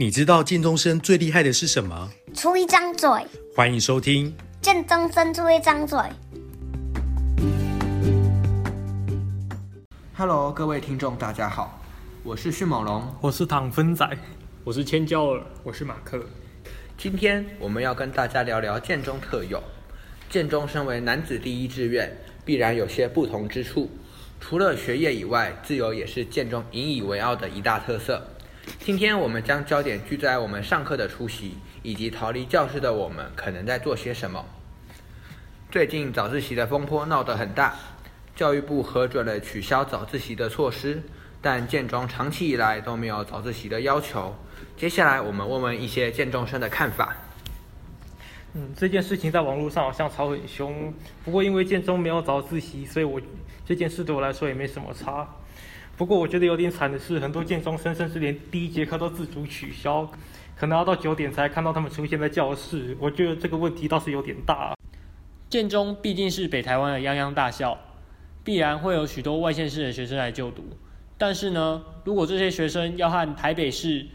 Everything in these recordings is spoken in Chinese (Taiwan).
你知道建中生最厲害的是什麼？出一張嘴。歡迎收聽建中生出一張嘴。Hello，各位聽眾，大家好，我是迅猛龍，我是唐芬仔，我是千焦耳，我是馬克。今天我們要跟大家聊聊建中特有。建中身為男子第一志願，必然有些不同之處。除了學業以外，自由也是建中引以為傲的一大特色。今天我們將焦點聚在我們上課的出席，以及逃離教室的我們可能在做些什麼。最近早自習的風波鬧得很大，教育部核准了取消早自習的措施，但建中長期以來都沒有早自習的要求。接下來我們問問一些建中生的看法。嗯，這件事情在網絡上好像吵很凶，不過因為建中沒有早自習，所以我這件事對我來說也沒什麼差。不過我覺得有點慘的是，很多建中生甚至連第一節課都自主取消，可能要到九點才看到他們出現在教室。我覺得這個問題倒是有點大。建中畢竟是北台灣的泱泱大校，必然會有許多外縣市的學生來就讀。但是呢，如果這些學生要和台北市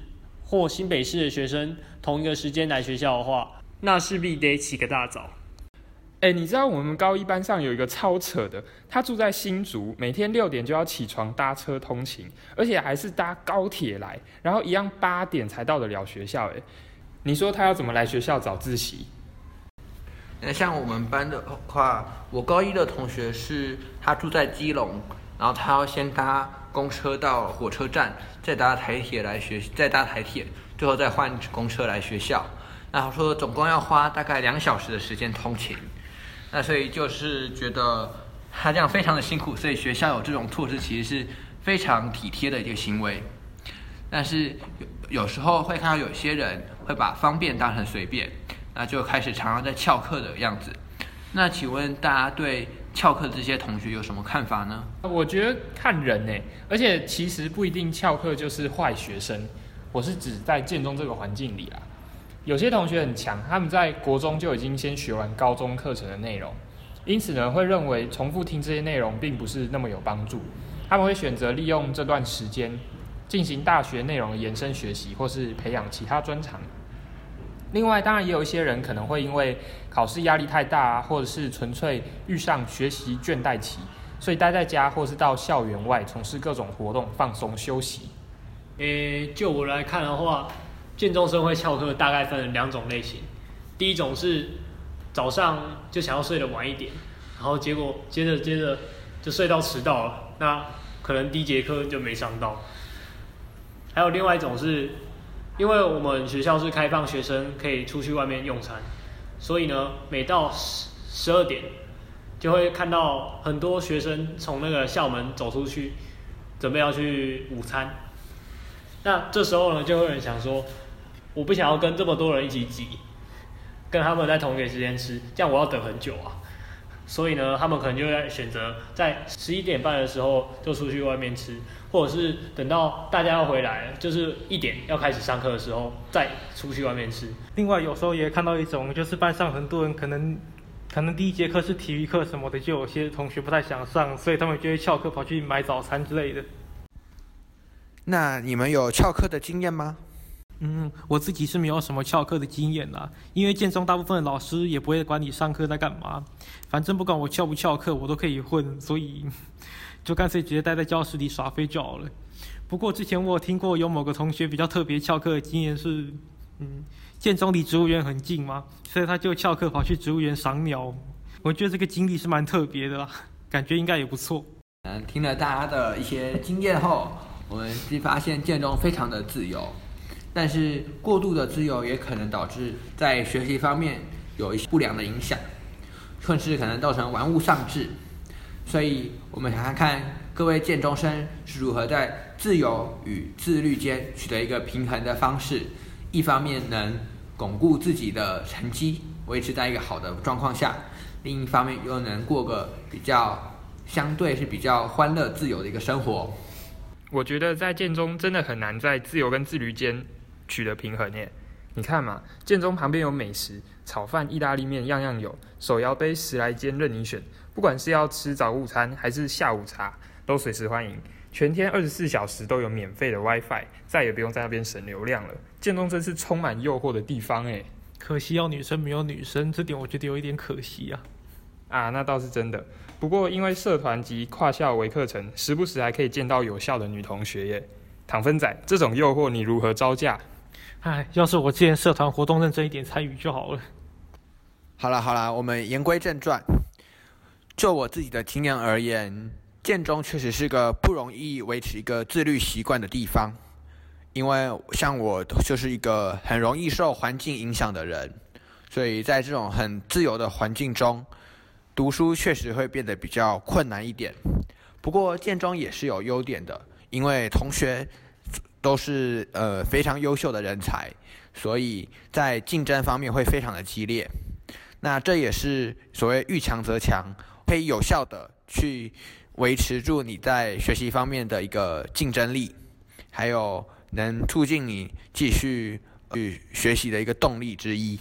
或新北市的學生同一個時間來學校的話，那勢必得起個大早。哎、欸，你知道我們高一班上有一個超扯的，他住在新竹，每天六點就要起床搭車通勤，而且還是搭高鐵來，然後一樣八點才到得了學校。哎，你說他要怎麼來學校早自習？那像我們班的話，我高一的同學是他住在基隆，然後他要先搭公車到火車站，再搭台鐵來學，再搭台鐵，最後再換公車來學校。然後說總共要花大概兩小時的時間通勤。那所以就是覺得他這樣非常的辛苦，所以學校有這種措施其實是非常體貼的一個行為。但是有有時候會看到有些人會把方便當成隨便，那就開始常常在翹課的樣子。那請問大家對翹課這些同學有什麼看法呢？我覺得看人欸，而且其實不一定翹課就是壞學生，我是指在建中這個環境裡啊。有些同學很強，他們在國中就已經先學完高中課程的內容，因此呢，會認為重複聽這些內容並不是那麼有幫助。他們會選擇利用這段時間進行大學內容的延伸學習，或是培養其他專長。另外，當然也有一些人可能會因為考試壓力太大，或者是純粹遇上學習倦怠期，所以待在家，或是到校園外從事各種活動，放鬆休息。誒、欸，就我來看的話。建中生會翹課，大概分成兩種類型。第一種是早上就想要睡得晚一點，然後結果接着接着就睡到遲到了。那可能第一節課就沒上到。還有另外一種是，因為我們學校是開放學生可以出去外面用餐，所以呢，每到十十二點就會看到很多學生從那個校門走出去，準備要去午餐。那這時候呢，就會有人想說，我不想要跟這麼多人一起擠，跟他們在同一時間吃，這樣我要等很久啊。所以呢，他們可能就會選擇在十一點半的時候就出去外面吃，或者是等到大家要回來，就是一點要開始上課的時候再出去外面吃。另外，有時候也看到一種，就是班上很多人可能，可能第一節課是體育課什麼的，就有些同學不太想上，所以他們就會翹課跑去買早餐之類的。那你們有翹課的經驗嗎？嗯，我自己是沒有什麼翹課的經驗啦，因為建中大部分的老師也不會管你上課在幹嘛，反正不管我翹不翹課，我都可以混，所以就乾脆直接待在教室裡耍廢就好了。不過之前我有聽過有某個同學比較特別翹課的經驗是，嗯，建中離植物園很近嘛，所以他就翹課跑去植物園賞鳥，我覺得這個經歷是蠻特別的啦，感覺應該也不錯。嗯，聽了大家的一些經驗後，我們就發現建中非常的自由。但是過度的自由也可能導致在學習方面有一些不良的影響，甚至可能造成玩物喪志。所以，我們想看看各位建中生是如何在自由與自律間取得一個平衡的方式，一方面能鞏固自己的成績，維持在一個好的狀況下；另一方面又能過個比較相對是比較歡樂自由的一個生活。我覺得在建中真的很難在自由跟自律間。取得平衡耶，你看嘛，建中旁邊有美食，炒飯、意大利麵樣樣有，手搖杯十來間任你選，不管是要吃早午餐還是下午茶，都隨時歡迎。全天二十四小時都有免費的 WiFi，再也不用在那邊省流量了。建中真是充滿誘惑的地方耶，可惜要女生沒有女生，這點我覺得有一點可惜啊。啊，那倒是真的，不過因為社團及跨校微課程，時不時還可以見到友校的女同學耶。躺分仔，這種誘惑你如何招架？唉，要是我之前社團活動認真一點參與就好了。好了好了，我們言歸正傳。就我自己的經驗而言，建中確實是個不容易維持一個自律習慣的地方，因為像我就是一個很容易受環境影響的人，所以在這種很自由的環境中，讀書確實會變得比較困難一點。不過建中也是有優點的，因為同學，都是呃非常優秀的人才，所以在競爭方面會非常的激烈。那這也是所謂遇強則強，可以有效的去維持住你在學習方面的一個競爭力，還有能促進你繼續去、呃、學習的一個動力之一。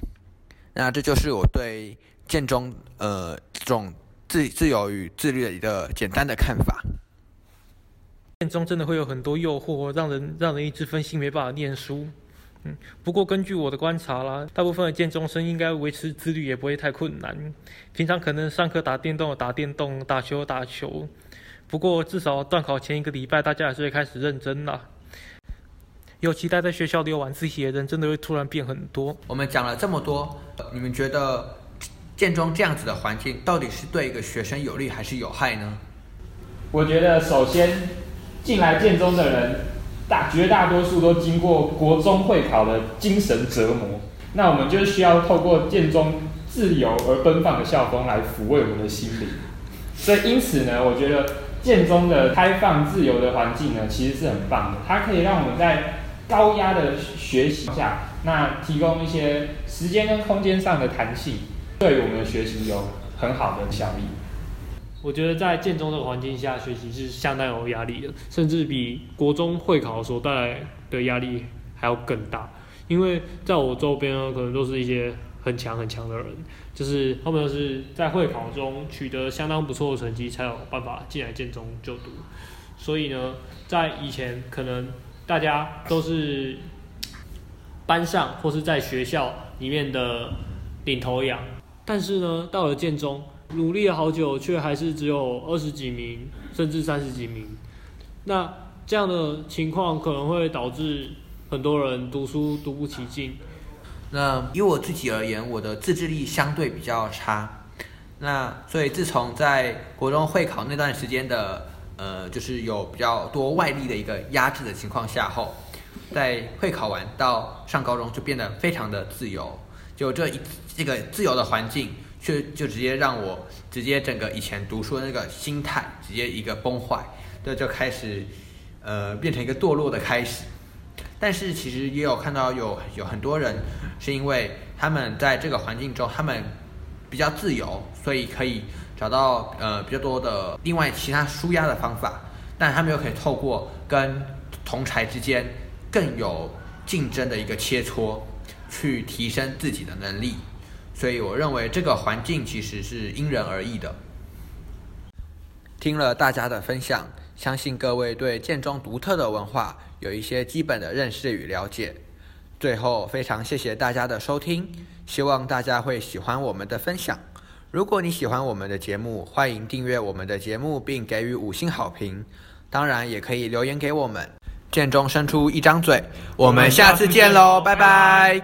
那這就是我對建中呃這種自自由與自律的一個簡單的看法。建中真的會有很多誘惑，讓人讓人一直分心，沒辦法念書。嗯，不過根據我的觀察啦，大部分的建中生應該維持自律也不會太困難。平常可能上課打電動，打電動，打球打球。不過至少段考前一個禮拜，大家還是會開始認真啦。尤其待在學校裡有晚自習的人，真的會突然變很多。我們講了這麼多，你們覺得建中這樣子的環境，到底是對一個學生有利還是有害呢？我覺得首先。進來建中的人，大，絕大多數都經過國中會考的精神折磨，那我們就需要透過建中自由而奔放的校風來撫慰我們的心靈。所以因此呢，我覺得建中的開放自由的環境呢，其實是很棒的，它可以讓我們在高壓的學習下，那提供一些時間跟空間上的彈性，對我們的學習有很好的效益。我覺得在建中的環境下學習是相當有壓力的，甚至比國中會考所帶來的壓力還要更大。因為在我周邊呢，可能都是一些很強很強的人，就是他們都是在會考中取得相當不錯的成績，才有辦法進來建中就讀。所以呢，在以前可能大家都是班上或是在學校裡面的領頭羊，但是呢，到了建中。努力了好久，卻還是只有二十幾名，甚至三十幾名。那這樣的情況可能會導致很多人讀書讀不起勁。那以我自己而言，我的自制力相對比較差。那所以自從在國中會考那段時間的，呃，就是有比較多外力的一個壓制的情況下後，在會考完到上高中就變得非常的自由。就這一這個自由的環境。就就直接讓我直接整個以前讀書的那個心態直接一個崩壞，這就開始呃變成一個墮落的開始。但是其實也有看到有有很多人是因為他們在這個環境中他們比較自由，所以可以找到呃比較多的另外其他紓壓的方法，但他們又可以透過跟同儕之間更有競爭的一個切磋，去提升自己的能力。所以我認為這個環境其實是因人而異的。聽了大家的分享，相信各位對建中獨特的文化有一些基本的認識與了解。最後非常謝謝大家的收聽，希望大家會喜歡我們的分享。如果你喜歡我們的節目，歡迎訂閱我們的節目並給予五星好評，當然也可以留言給我們。建中生出一張嘴，我們下次見嘍，拜拜。